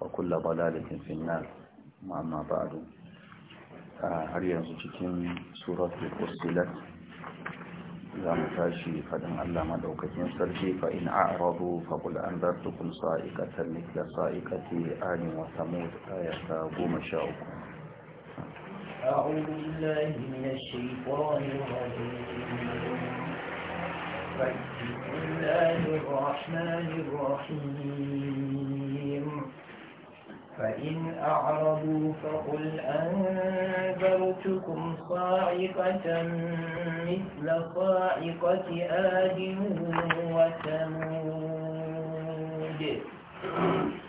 وكل ضلالة في النار آه، ما بعد هل ينزجكم سورة أرسلت زعم تاشي فدم ألا دوكتين سرشي فإن أعرضوا فقل أنذرتكم صائقة مثل صائقة آل وثمود آية قوم شاؤكم أعوذ بالله من الشيطان الرجيم بسم الله الرحمن الرحيم فإن أعرضوا فقل أنذرتكم صاعقة مثل صاعقة آد وثمود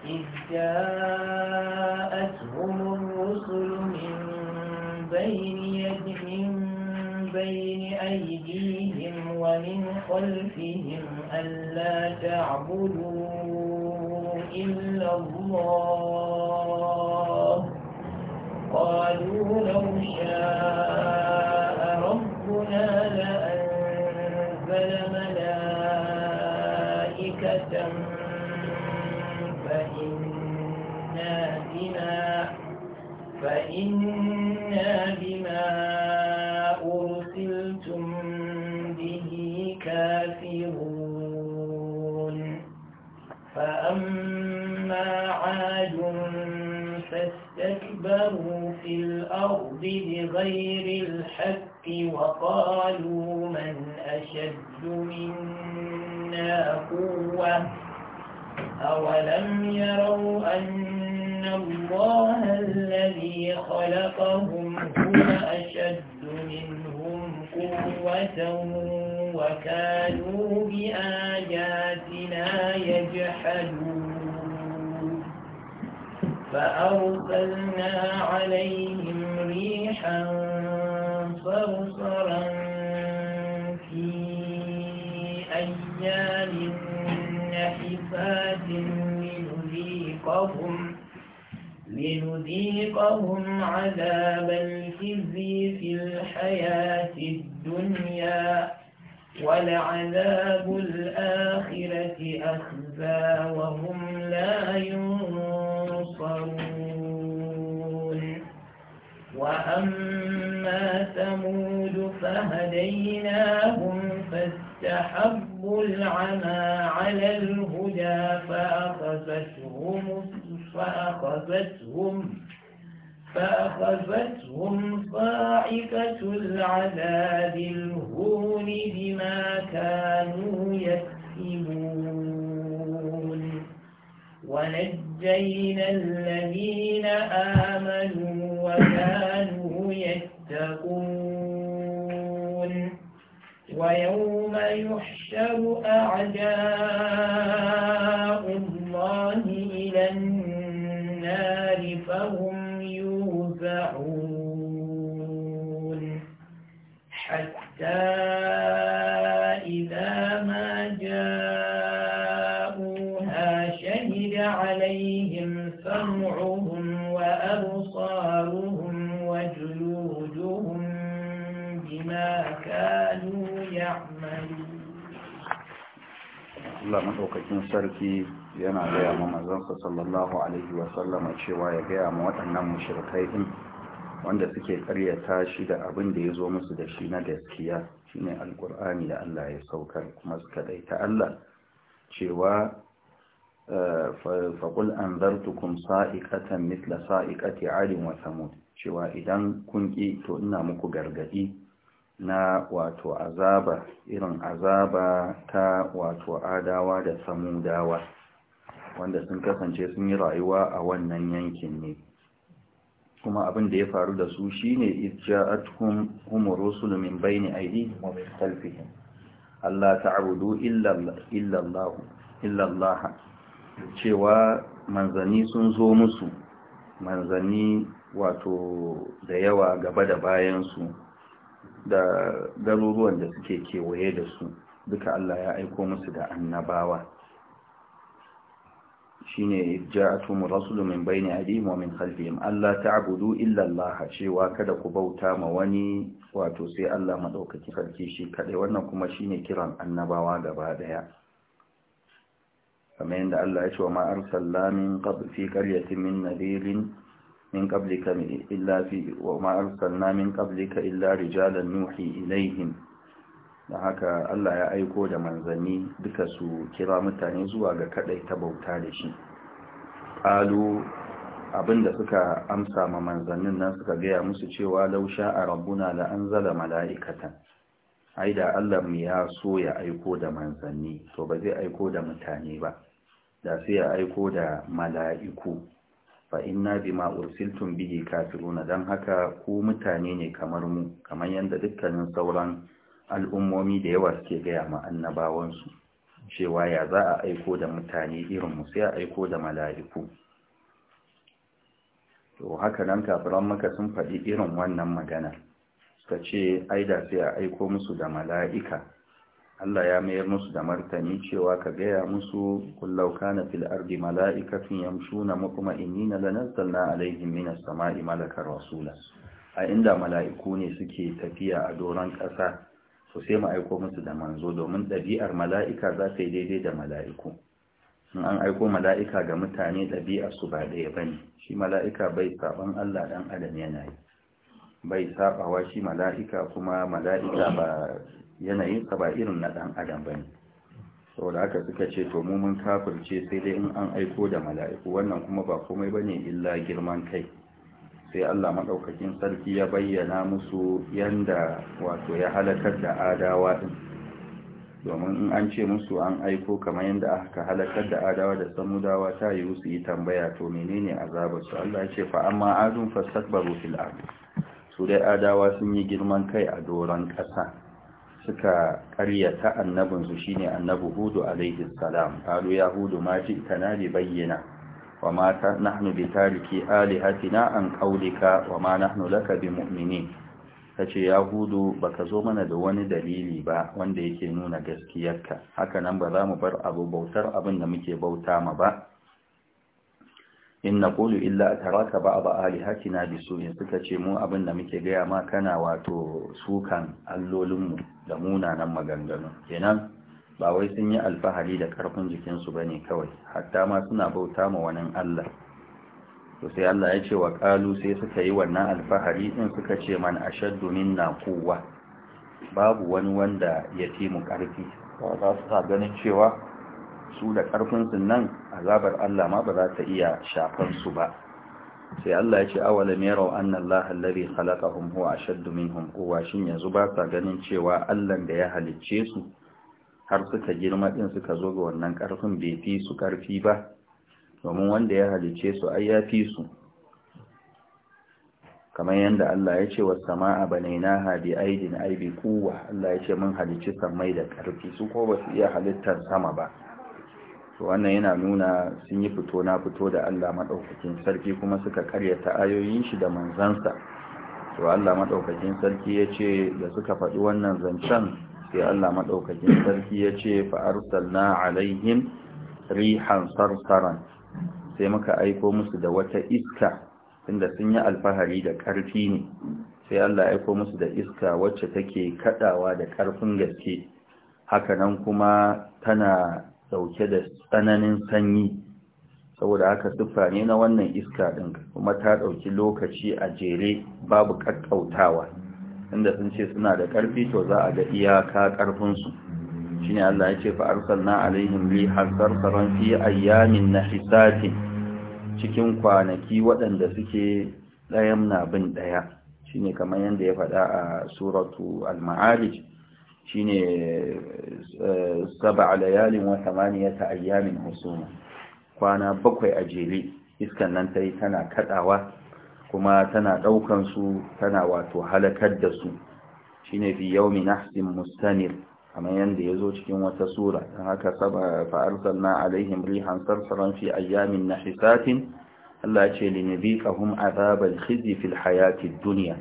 إذ جاءتهم الرسل من بين يدهم بين أيديهم ومن خلفهم ألا تعبدوا إلا الله قالوا لو شاء ربنا لأنزل ملائكة فإنا بما فإنا بما بغير الحق وقالوا من أشد منا قوة أولم يروا أن الله الذي خلقهم هو أشد منهم قوة وكانوا فأرسلنا عليهم ريحا صرصرا في أيام نحفات لنذيقهم لنذيقهم عذاب الخزي في الحياة الدنيا ولعذاب الآخرة أخزى وهم لا ينصرون يبصرون وأما ثمود فهديناهم فاستحبوا العمى على الهدى فأخذتهم فأخذتهم فأخذتهم صاعقة العذاب الهون بما كانوا يكسبون ونجد ونجينا الذين آمنوا وكانوا يتقون ويوم يحشر أعداء Allah madaukakin sarki yana gaya ma manzansa sallallahu alaihi wa sallama cewa ya gaya ma waɗannan mushrikai din wanda suke karyata shi da abin da ya zo musu da shi na gaskiya shine alkur'ani da Allah ya saukar kuma suka daita Allah cewa eh, faƙul an zartukum sa'iƙatan mitla sa'iƙati alin wa samud cewa idan kun ƙi to ina muku gargaɗi na wato azaba irin azaba ta wato adawa da samudawa wanda sun kasance sun yi rayuwa a wannan yankin ne kuma abin da ya faru da su shine ijja'atuhum humur rusul min bayni aydihim wa min khalfihim Allah ta'budu illa illa Allah cewa manzani sun zo musu manzani wato da yawa gaba da bayan su da garuruwan da suke kewaye da su duka Allah ya aiko musu da annabawa shine ja'atuhum rasulun min bayni adim wa min khalfihim Allah ta'budu illa Allah cewa kada ku bauta ma wani wato sai Allah madaukakin sarki shi kaɗai. wannan kuma shine kiran annabawa gaba daya kamar yadda Allah ya ce wa ma arsalna min qabl fi qaryatin min nadirin من قبلك إلا في وما أرسلنا من قبلك إلا رجالا نوحي إليهم da haka Allah ya aiko da manzanni duka su kira mutane zuwa ga kaɗai ta bauta da shi qalu abinda suka amsa ma manzannin nan suka gaya musu cewa lausha a rabbuna la anzala mala'ikatan ai da Allah mu ya so ya aiko da manzanni to ba zai aiko da mutane ba da sai ya aiko da mala'iku fa inna bima ursiltum bihi kafiruna dan haka ku mutane ne kamar mu kamar yanda dukkanin sauran al'ummomi da yawa suke gaya ma annabawansu cewa ya za a aiko da mutane irin sai a aiko da mala'iku to haka nan kafiran maka sun faɗi irin wannan magana suka ce aida sai a aiko musu da mala'ika Allah ya mayar musu da martani cewa ka gaya musu kullau kana fil ardi mala'ikatun yamshuna mutma'innina lanazzalna alaihim minas sama'i malakar rasula a inda mala'iku ne suke tafiya a doron ƙasa so sai mu aiko musu da manzo domin ɗabi'ar mala'ika za ta yi daidai da mala'iku in an aiko mala'ika ga mutane ɗabi'ar su ba ɗaya bane shi mala'ika bai saban Allah dan adam yana yi bai sabawa shi mala'ika kuma mala'ika ba yanayinsa ba irin na ɗan adam ba ne saboda aka suka ce to mu mun kafirce sai dai in an aiko da mala'iku wannan kuma ba komai ne illa girman kai sai Allah maɗaukakin sarki ya bayyana musu yanda wato ya halakar da adawa din domin in an ce musu an aiko kamar yadda aka halakar da adawa da samudawa ta yi su yi tambaya to menene azabar su Allah ya ce fa amma adun ba fil ard su dai adawa sun yi girman kai a doron ƙasa. suka ƙaryata annabinsu shine annabu hudu alaihi salam qalu ya hudu ma tana bi bayyana, wa ma ta nahnu bi tariki alihatina an qawlika wa ma nahnu laka bi ta ce ya hudu baka zo mana da wani dalili ba wanda yake nuna gaskiyarka haka nan ba za mu bar abu bautar abin da muke bauta ma ba in na ƙulu illa a taraka ba a ba a na na su in suka ce mu abin da muke gaya ma kana wato sukan allolinmu da munanan maganganu kenan ba wai sun yi alfahari da ƙarfin jikinsu ba ne kawai hatta ma suna bauta ma wani allah to sai allah ya ce wa ƙalu sai suka yi wannan alfahari in suka ce man ashaddu na kowa babu wani wanda ya fi mu ƙarfi ba za su ganin cewa su da ƙarfinsu nan azabar Allah ma ba za ta iya shafan su ba sai Allah ya ce awalam yarau anna Allah alladhi khalaqahum huwa ashaddu minhum quwwa shin yanzu ba sa ganin cewa Allah da ya halicce su har suka girma din suka zo ga wannan karfin bai fi su karfi ba domin wanda ya halicce su ai ya fi su kamar yadda Allah ya ce was samaa banainaha bi aidin ay quwwa Allah ya ce mun halicce sammai da karfi su ko ba su iya halittar sama ba to wannan yana nuna sun yi fito na fito da Allah madaukakin sarki kuma suka karyata ayoyin shi da manzansa to Allah madaukakin sarki yace da suka faɗi wannan zancen sai Allah madaukakin sarki yace fa arsalna alaihim rihan sarsaran sai muka aiko musu da wata iska inda sun yi alfahari da ƙarfi ne sai Allah ya aiko musu da iska wacce take kaɗawa da ƙarfin gaske hakanan kuma tana dauke da tsananin sanyi saboda haka siffa ne na wannan iska ɗin kuma ta ɗauki lokaci a jere babu ƙaƙƙautawa inda sun ce suna da ƙarfi to za a ga iyaka ƙarfinsu shi ne Allah ya ce fa arsalna alaihim li hasarsaran fi ayyamin nahisatin cikin kwanaki waɗanda suke ɗayan na bin ɗaya shine kamar yadda ya faɗa a suratu al-ma'arij shine eh, saba layalin wa samaniyata ayyamin husuma kwana bakwai a jere iskan nan ta yi tana kadawa kuma tana daukan su tana wato halakar da su shine fi yaumi nahsin mustanir kamar yanda yazo cikin wata sura dan haka saba fa arsalna alaihim rihan sarsaran fi ayyamin nahisatin Allah ya ce linabiqahum azabal khizi fil hayatid dunya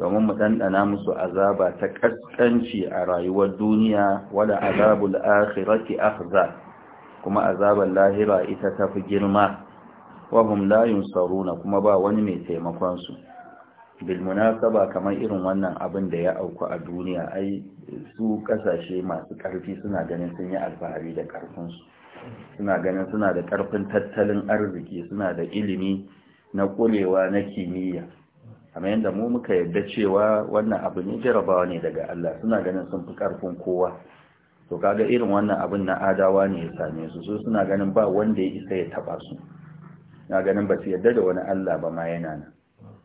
domin mu ɗanɗana musu azaba ta ƙasƙanci a rayuwar duniya wala azabul akhirati akhza kuma azabar lahira ita ta fi girma wahum la yunsaruna kuma ba wani mai taimakon su bil munasaba kamar irin wannan abin da ya auku a duniya ai su kasashe masu karfi suna ganin sun yi alfahari da karfin su suna ganin suna da karfin tattalin arziki suna da ilimi na kulewa na kimiyya kamar yadda mu muka yadda cewa wannan abu ne jarabawa ne daga Allah suna ganin sun fi karfin kowa to kaga irin wannan abin na adawa ne ya same su su suna ganin ba wanda ya isa ya taba su na ganin ba su yadda da wani Allah ba ma yana nan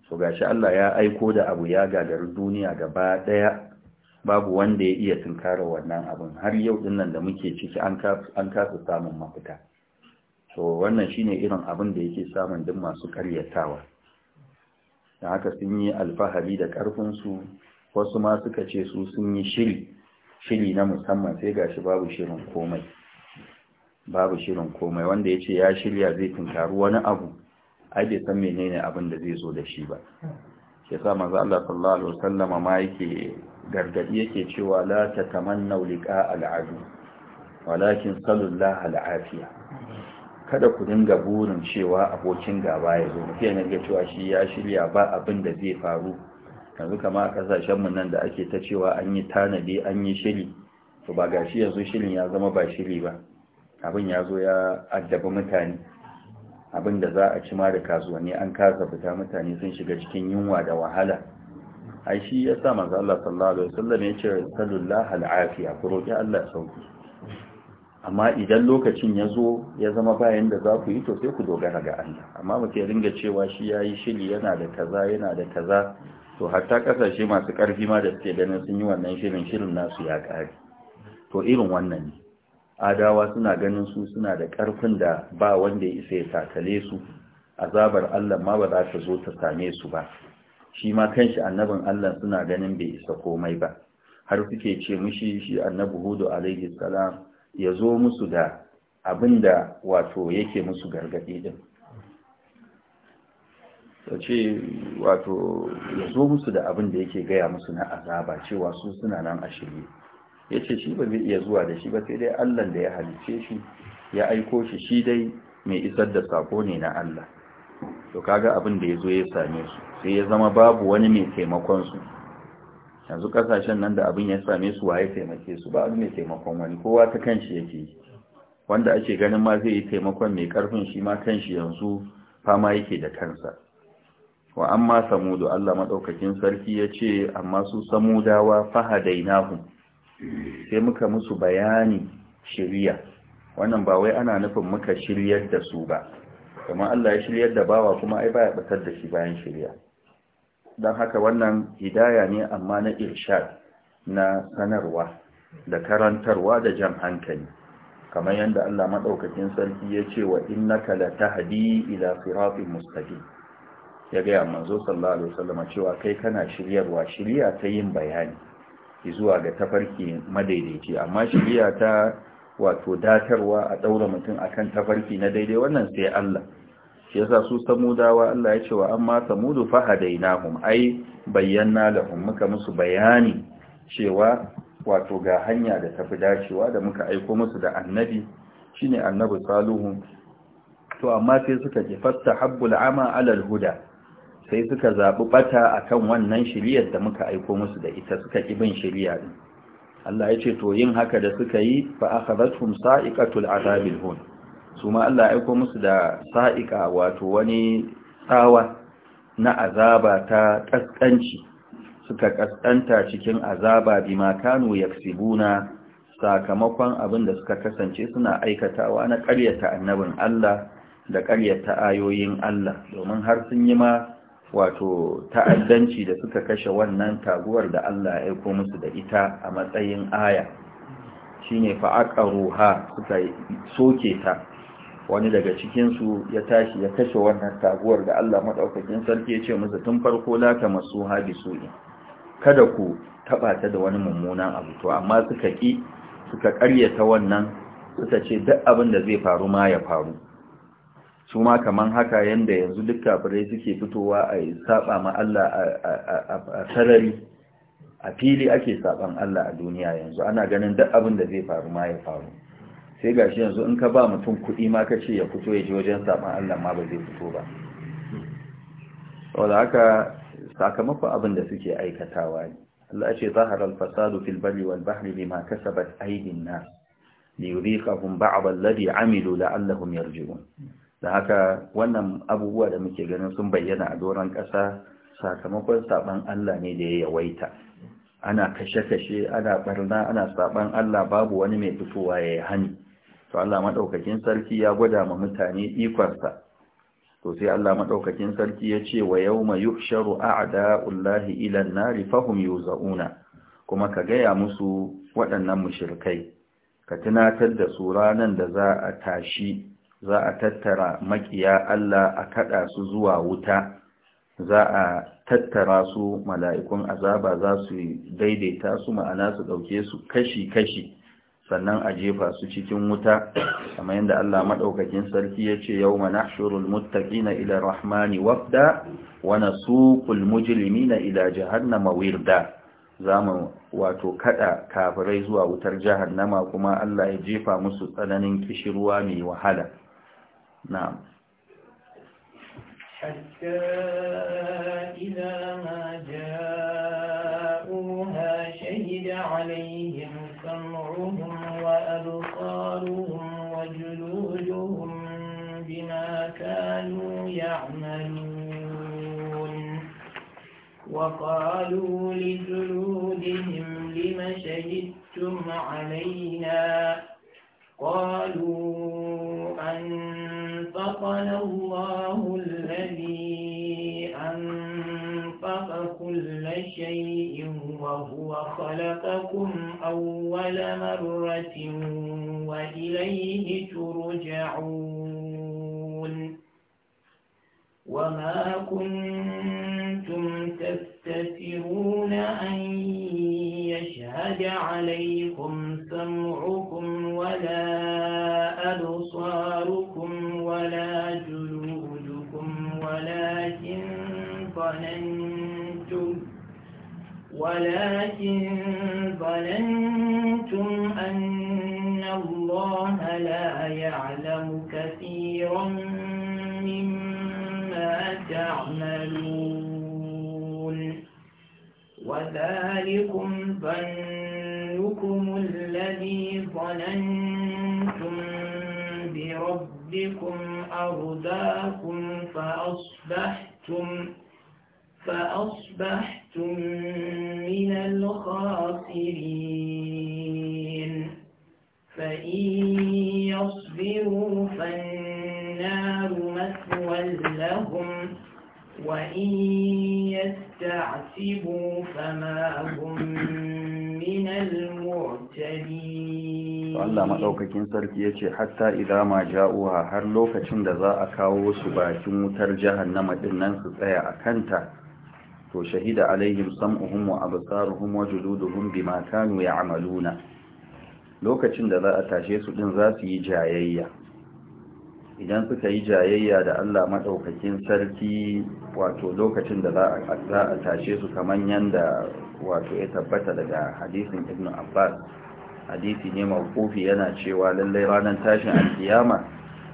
so gashi Allah ya aiko da abu ya gagarin duniya gaba daya babu wanda ya iya tunkara wannan abin har yau din nan da muke ciki an an kasa samun mafita to wannan shine irin abin da yake samun duk masu karyatawa da haka sun yi alfahari da ƙarfinsu wasu ma suka ce su sun yi shiri shiri na musamman sai gashi babu shirin komai babu shirin komai wanda ya ce ya shirya zai tunkaru wani abu ai bai san menene abin da zai zo da shi ba ke sa maza Allah sallallahu alaihi wasallama ma yake gargadi yake cewa la tatamannu liqa al'adu walakin sallallahu al'afiya kada ku dinga burin cewa abokin gaba ya zo mutum yana ga cewa shi ya shirya ba abin da zai faru yanzu kama a kasashenmu nan da ake ta cewa an yi tanadi an yi shiri to ba ga shi yanzu shirin ya zama ba shiri ba abin ya zo ya addabi mutane abin da za a ci ma da kasuwanni an kasa fita mutane sun shiga cikin yunwa da wahala ai shi ya sa manzo Allah sallallahu alaihi wasallam ya ce sallallahu al'afiya ku roki Allah sauki amma idan lokacin ya zo ya zama bayan da za ku yi to sai ku dogara ga Allah amma muke ringa cewa shi ya yi shiri yana da kaza yana da kaza to hatta kasashe masu ƙarfi ma da suke ganin sun yi wannan shirin shirin nasu ya ƙare to irin wannan ne adawa suna ganin su suna da ƙarfin da ba wanda ya isa ya takale su azabar Allah ma ba za ta zo ta same su ba shi ma kanshi annabin Allah suna ganin bai isa komai ba har suke ce mushi shi annabi Hudu alaihi salam ya zo musu da abin da wato yake musu gargaɗi ɗin ce wato ya zo musu da abin da yake gaya musu na azaba cewa su suna nan a shirye ya ce shi ba zai iya zuwa da shi ba sai dai allah da ya halice shi ya aiko shi shi dai mai isar da sako ne na allah to kaga abin da ya zo ya same su sai ya zama babu wani mai taimakonsu yanzu kasashen nan da abin ya same su waye taimake su ba abin ne taimakon wani kowa ta kanshi yake yi wanda ake ganin ma zai yi taimakon mai karfin shi ma kanshi yanzu fama yake da kansa wa amma samudu Allah madaukakin sarki ya ce amma su samudawa fahadainahu sai muka musu bayani shirya. wannan ba wai ana nufin muka shiryar da su ba kuma Allah ya shiryar da bawa kuma ai baya batar da shi bayan shirya. don haka wannan hidaya ne amma na irshad na sanarwa da karantarwa da jan hankali kamar yadda Allah maɗaukakin sarki ya ce wa innaka latahdi ila siratin mustaqim ya ga manzo sallallahu alaihi wasallam cewa kai kana shiryarwa shiriya ta yin bayani zuwa ga tafarki madaidaici amma shiriya ta wato datarwa a daura mutum akan tafarki na daidai wannan sai Allah shi yasa su samudawa Allah ya ce wa amma samudu hadainahum ai bayyana lahum muka musu bayani cewa wato ga hanya da tafi dacewa da muka aiko musu da annabi shine annabi saluhu to amma sai suka ji fastahabbul ama alal huda sai suka zabi bata akan wannan shiriyar da muka aiko musu da ita suka ƙi bin shiriya Allah ya ce to yin haka da suka yi fa akhadathum sa'iqatul azabil hun su ma Allah aiko musu da sa'ika wato wani tsawa na azaba ta ƙasƙanci suka ƙasƙanta cikin azaba bi makanu ya sakamakon abin da suka kasance suna aikatawa na ƙaryata annabin Allah da ƙaryata ayoyin Allah domin har sun yi ma wato ta'addanci da suka kashe wannan taguwar da Allah ya aiko musu da ita a matsayin aya shine fa'aƙa aqaruha suka soke ta wani daga cikinsu ya tashi ya kashe wannan taguwar da Allah maɗaukakin sarki ya ce musu tun farko la ta masu haɗi kada ku taɓa ta da wani mummunan abu to amma suka ƙi suka ƙaryata wannan suka ce duk abin da zai faru ma ya faru su ma kaman haka yanda yanzu duk kafirai suke fitowa a saba ma Allah a sarari a fili ake saɓan Allah a duniya yanzu ana ganin duk abin da zai faru ma ya faru sai gashi yanzu in ka ba mutum kuɗi ma ka ce ya fito ya ji wajen saman Allah ma ba zai fito ba saboda haka sakamakon abin da suke aikatawa ne Allah ce zaharar fasadu fil bari wal bahri bima kasabat aydin nas li yudhiqahum ba'd alladhi amilu la'allahum yarji'un da haka wannan abubuwa da muke ganin sun bayyana a doron ƙasa sakamakon saban Allah ne da ya yawaita ana kashe-kashe ana barna ana saban Allah babu wani mai fitowa ya yi hani to Allah madaukakin sarki ya gwada ma mutane ikonsa to sai Allah madaukakin sarki ya ce wa yawma yuhsharu a'da'ullahi ila an-nari fahum yuzauna kuma ka gaya musu waɗannan mushrikai ka tunatar da su ranan da za a tashi za a tattara makiya Allah a kada su zuwa wuta za a tattara su mala'ikun azaba za su daidaita su ma'ana su ɗauke su kashi-kashi sannan a jefa su cikin wuta kamar yadda Allah madaukakin sarki yace yawma nahshurul muttaqina ila rahmani wafda wa nasuqul mujrimina ila jahannama wirda zamu wato kada kafirai zuwa wutar jahannama kuma Allah ya jefa musu tsananin kishirwa mai wahala na'am حتى إذا ما جاءوها شهد عليهم كانوا يعملون وقالوا لجلودهم لم شهدتم علينا قالوا أنفقنا الله الذي أنفق كل شيء وهو خلقكم أول مرة وإليه ترجعون وما كنتم تستترون أن يشهد عليكم سمعكم ولا أبصاركم ولا جلودكم ولكن ظننتم ولكن ظننتم أن الله لا يعلم كثيرا وذلكم ظنكم الذي ظننتم بربكم أرداكم فأصبحتم فأصبحتم من الخاسرين فإن يصبروا فالنار مثوى لهم وإن يسروا تعتبوا فما هم من المعتدين الله مدaukakin sarki hatta idan ma ja'uha har lokacin da za a kawo su bakin wutar jahannama din nan su tsaya a kanta to shahida alaihim sam'uhum wa absaruhum wa juluduhum bima kanu ya'maluna lokacin da za a tashe su din za su yi jayayya idan suka yi jayayya da Allah maɗaukakin sarki wato lokacin da za a tashe su kamar yadda wato ya tabbata daga hadisin ibn abbas hadisi ne makofi yana cewa lallai ranar tashin alkiyama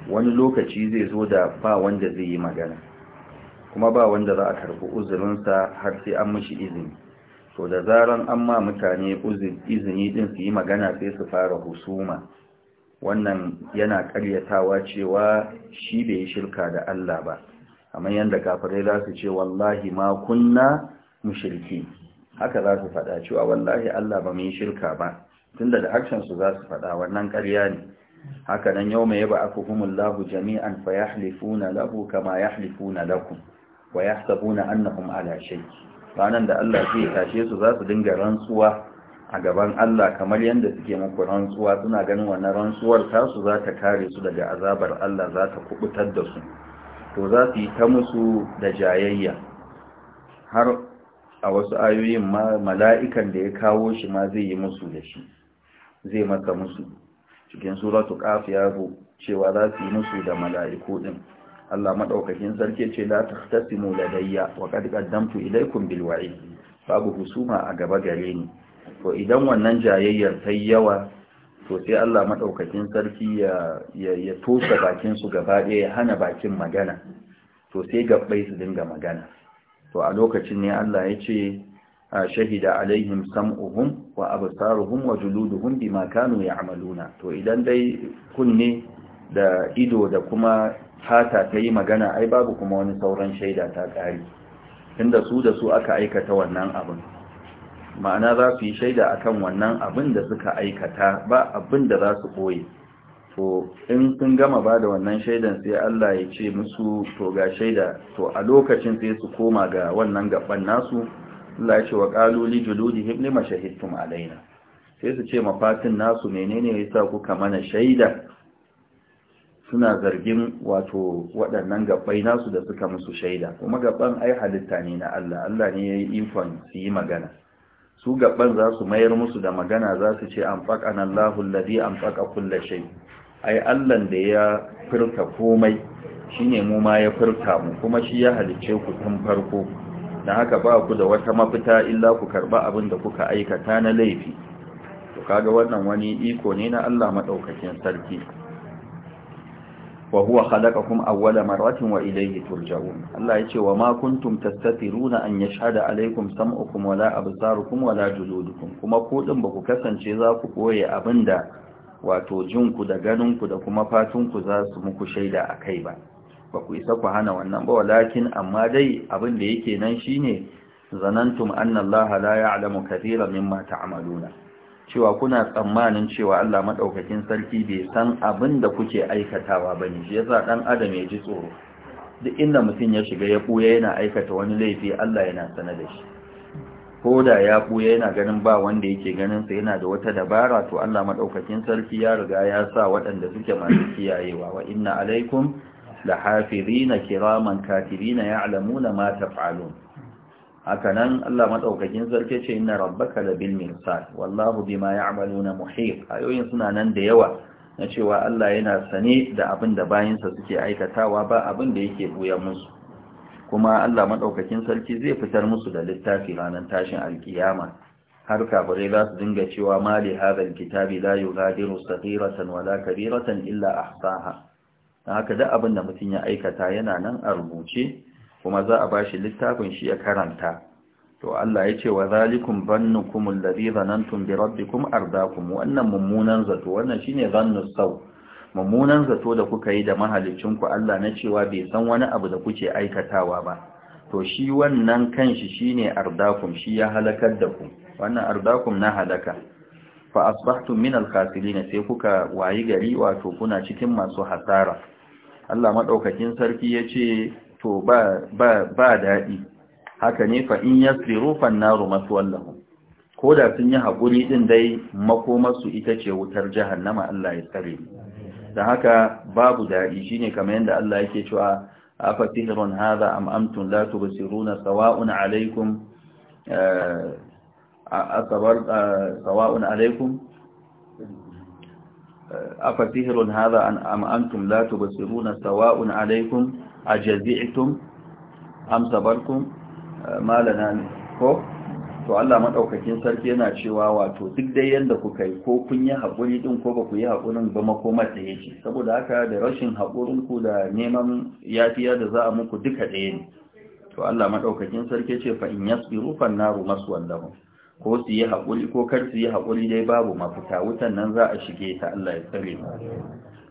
wani lokaci zai zo da ba wanda zai yi magana kuma ba wanda za a karɓi uzurinsa har sai an mishi izini to da zaran an ma mutane izini din su yi magana sai su fara husuma wannan yana karyatawa cewa shi bai shirka da Allah ba kamar yadda kafirai za su ce wallahi ma kunna mushriki haka za su faɗa cewa wallahi Allah ba mu yi shirka ba tunda da action su za su faɗa wannan ƙarya ne haka nan yawma yab'athuhumullahu jami'an fayahlifuna lahu kama yahlifuna lakum wa yahsabuna annahum ala shay ranan da Allah zai tashe su za su dinga rantsuwa a gaban Allah kamar yadda suke muku rantsuwa suna ganin wannan rantsuwar tasu za ta kare su daga azabar Allah za ta kubutar da su to za su yi ta musu da jayayya har a wasu ayoyin mala'ikan da ya kawo shi ma zai yi musu da shi zai maka musu cikin suratu qaf ya cewa za su yi musu da mala'iku din Allah madaukakin sarki ce la tahtasimu ladayya wa qad qaddamtu ilaykum bil wa'id babu husuma a gaba gare ni to idan wannan jayayyar ta yawa to sai Allah madaukakin sarki ya ya toshe bakin su gaba ɗaya ya hana bakin magana to sai gabbai su dinga magana to a lokacin ne Allah ya ce shahida alaihim sam'uhum wa absaruhum wa juluduhum bima kanu ya'maluna to idan dai kunne da ido da kuma fata ta yi magana ai babu kuma wani sauran shaida ta ƙari tunda su da su aka aikata wannan abin ma'ana za su yi shaida a kan wannan abin da suka aikata ba abin da za su ɓoye to in sun gama ba da wannan shaidan sai Allah ya ce musu to ga shaida to a lokacin sai su koma ga wannan gaban nasu Allah ya ce wa qalu li juludihim lima alaina sai su ce mafatin nasu menene yasa kuka mana shaida suna zargin wato waɗannan gabbai nasu da suka musu shaida kuma gaɓan ai halitta ne na Allah Allah ne ya yi ikon su yi magana su gaban za su mayar musu da magana za su ce an faƙa na Allahun ladi an faƙa kulle shai ai Allahn da ya furta komai shi ne mu ma ya furta mu kuma shi ya halicce ku tun farko da haka ba ku da wata mafita illa ku karɓi abin da kuka aikata na laifi to kaga wannan wani iko ne na Allah maɗaukakin sarki wa huwa khalaqakum awwala maratin wa ilayhi turja'un Allah ce wa ma kuntum tastatiruna an yashhada alaykum sam'ukum wala absarukum wala juludukum kuma ku din baku kasance za ku koye abinda wato jinku da ganinku da kuma fatunku za su muku shaida akai ba ba ku isa ku hana wannan ba walakin amma dai abin da yake nan shine zanantum anna Allah la ya'lamu kathiran mimma ta'maluna cewa kuna tsammanin cewa Allah maɗaukakin sarki bai san abin da kuke aikatawa ba ne shi yasa ɗan adam ya ji tsoro duk inda mutum ya shiga ya ɓuya yana aikata wani laifi Allah yana sana da shi ko da ya ɓuya yana ganin ba wanda yake ganin sa yana da wata dabara to Allah maɗaukakin sarki ya riga ya sa waɗanda suke masu kiyayewa wa inna alaikum la hafizina kiraman katibina ya'lamuna ma taf'alun haka nan Allah Maɗaukakin sarki ce inna rabbaka labil mirsal wallahu bima na muhit ayoyin suna nan da yawa na cewa Allah yana sane da abin da suke aikatawa ba abin da yake buya musu kuma Allah Maɗaukakin sarki zai fitar musu da littafi ranar tashin alkiyama har kafirai za su dinga cewa mali hadal kitabi la yughadiru saghiratan wala kabiratan illa ahsaha haka da abin da mutum ya aikata yana nan a rubuce kuma za a bashi littafin shi ya karanta to Allah ya ce wa zalikum zannukum alladhi zanantum bi rabbikum ardakum wannan mummunan zato wannan shine zannus sau mummunan zato da kuka yi da mahalicinku Allah na cewa bai san wani abu da kuke aikatawa ba to shi wannan kanshi shine ardakum shi ya halakar da ku wannan ardakum na halaka fa asbahtum min al sai kuka wayi gari wato kuna cikin masu hasara Allah madaukakin sarki yace to ba ba daɗi haka ne fa in yasfiru fannaru maswallahu ko da sun yi haƙuri ɗin dai makomarsu ita ce wutar jahannama Allah ya tsare da haka babu daɗi shine kamar yadda Allah yake cewa afa sihrun hadha am antum la na sawa'un alaykum eh, asabar sawa'un alaykum eh, afa sihrun sawa'un a am sabartum malana ko to Allah madaukakin sarki yana cewa wato duk dai yanda kuka yi ko kun yi haƙuri din ko ba ku yi haƙurin ba makoma ta yake saboda haka da rashin hakurin ku da neman yafiya da za a muku duka ɗaya ne to Allah madaukakin sarki ce fa in yasbiru fan naru maswan lahum ko su yi haƙuri ko kar su yi haƙuri dai babu mafita wutan nan za a shige ta Allah ya tsare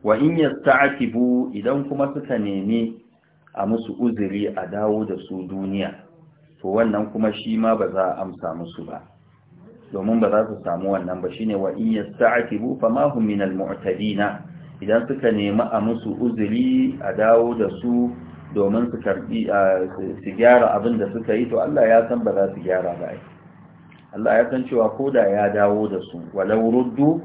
wa in yasta'tibu idan kuma suka nemi a musu uzuri a dawo da su duniya to wannan kuma shi ma ba za a amsa musu ba domin ba za su samu wannan ba shine wa in yasta'tibu fama hum min almu'tadina idan suka nemi a musu uzuri a dawo da su domin su karbi su gyara abin da suka yi to Allah ya san ba za su gyara ba Allah ya san cewa koda ya dawo da su walau ruddu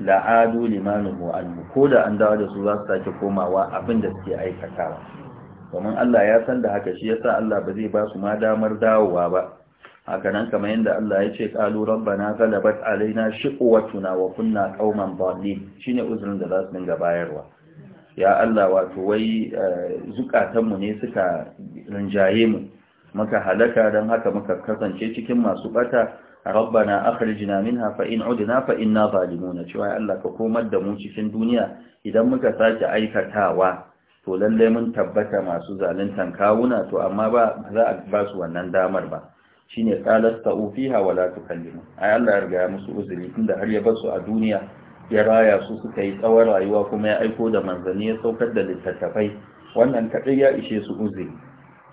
la'adu limanuhu anhu koda an dawo da su za su sake komawa abin da suke aikatawa domin Allah ya san da haka shi yasa Allah ba zai ba su ma damar dawowa ba haka nan kamar yadda Allah ya ce qalu rabbana ghalabat alaina shiqwatuna wa kunna qauman dhalin shine uzurin da za su dinga bayarwa ya Allah wato wai eh, zukatanmu ne suka rinjaye mu muka halaka don haka muka kasance cikin masu bata rabbana akhrijna minha fa in udna fa inna zalimuna cewa Allah ka komar da mu cikin duniya idan muka sake aikatawa to lallai mun tabbata masu zaluntan kawuna to amma ba za a ba su wannan damar ba shine qalasta ufiha wala tukallimu ai Allah ya riga musu uzuri tunda har ya bar su a duniya ya raya su suka yi tsawon rayuwa kuma ya aiko da manzanni ya saukar da littattafai wannan kadai ya ishe su uzuri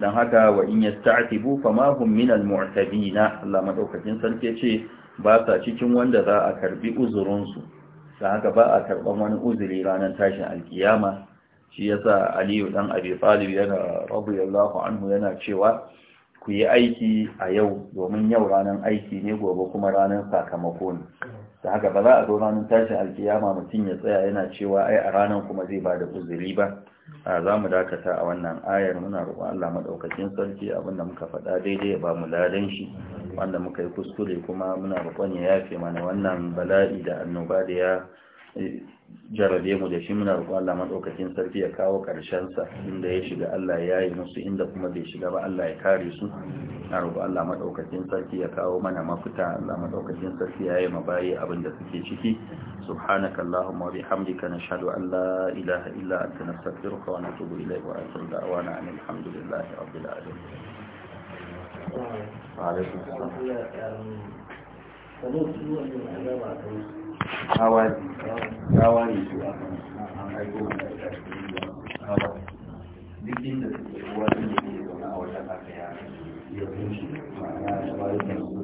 dan haka wa in yasta'tibu fama hum min almu'tabina Allah madaukakin sarki yace ba sa cikin wanda za a karbi uzurin su dan haka ba a karban wani uzuri ranar tashin alkiyama shi yasa aliyu dan abi talib yana radiyallahu anhu yana cewa ku yi aiki a yau domin yau ranar aiki ne gobe kuma ranar sakamako ne da haka ba za a zo ranar tashin alkiyama mutum ya tsaya yana cewa ai a ranar kuma zai ba da uzuri ba a za mu dakata a wannan ayar muna roƙon Allah maɗaukacin sarki abin da muka faɗa daidai ya ba mu ladan shi wanda muka yi kuskure kuma muna roƙon ya yafe mana wannan bala'i da annoba da ya jarabe mu da shi muna roƙon Allah madaukakin sarki ya kawo ƙarshen sa inda ya shiga Allah ya yi musu inda kuma bai shiga ba Allah ya kare su na roƙon Allah madaukakin sarki ya kawo mana mafita Allah madaukakin sarki ya yi mabayi abin da suke ciki subhanaka allahumma wa bihamdika nashhadu an la ilaha illa anta nastaghfiruka wa natubu ilayka wa asallu da'wana alhamdulillahi rabbil alamin wa alaikum assalam awari awari su an aiko da awari duk inda suke ruwa ne ke zaune a wata aka ya ya kunshi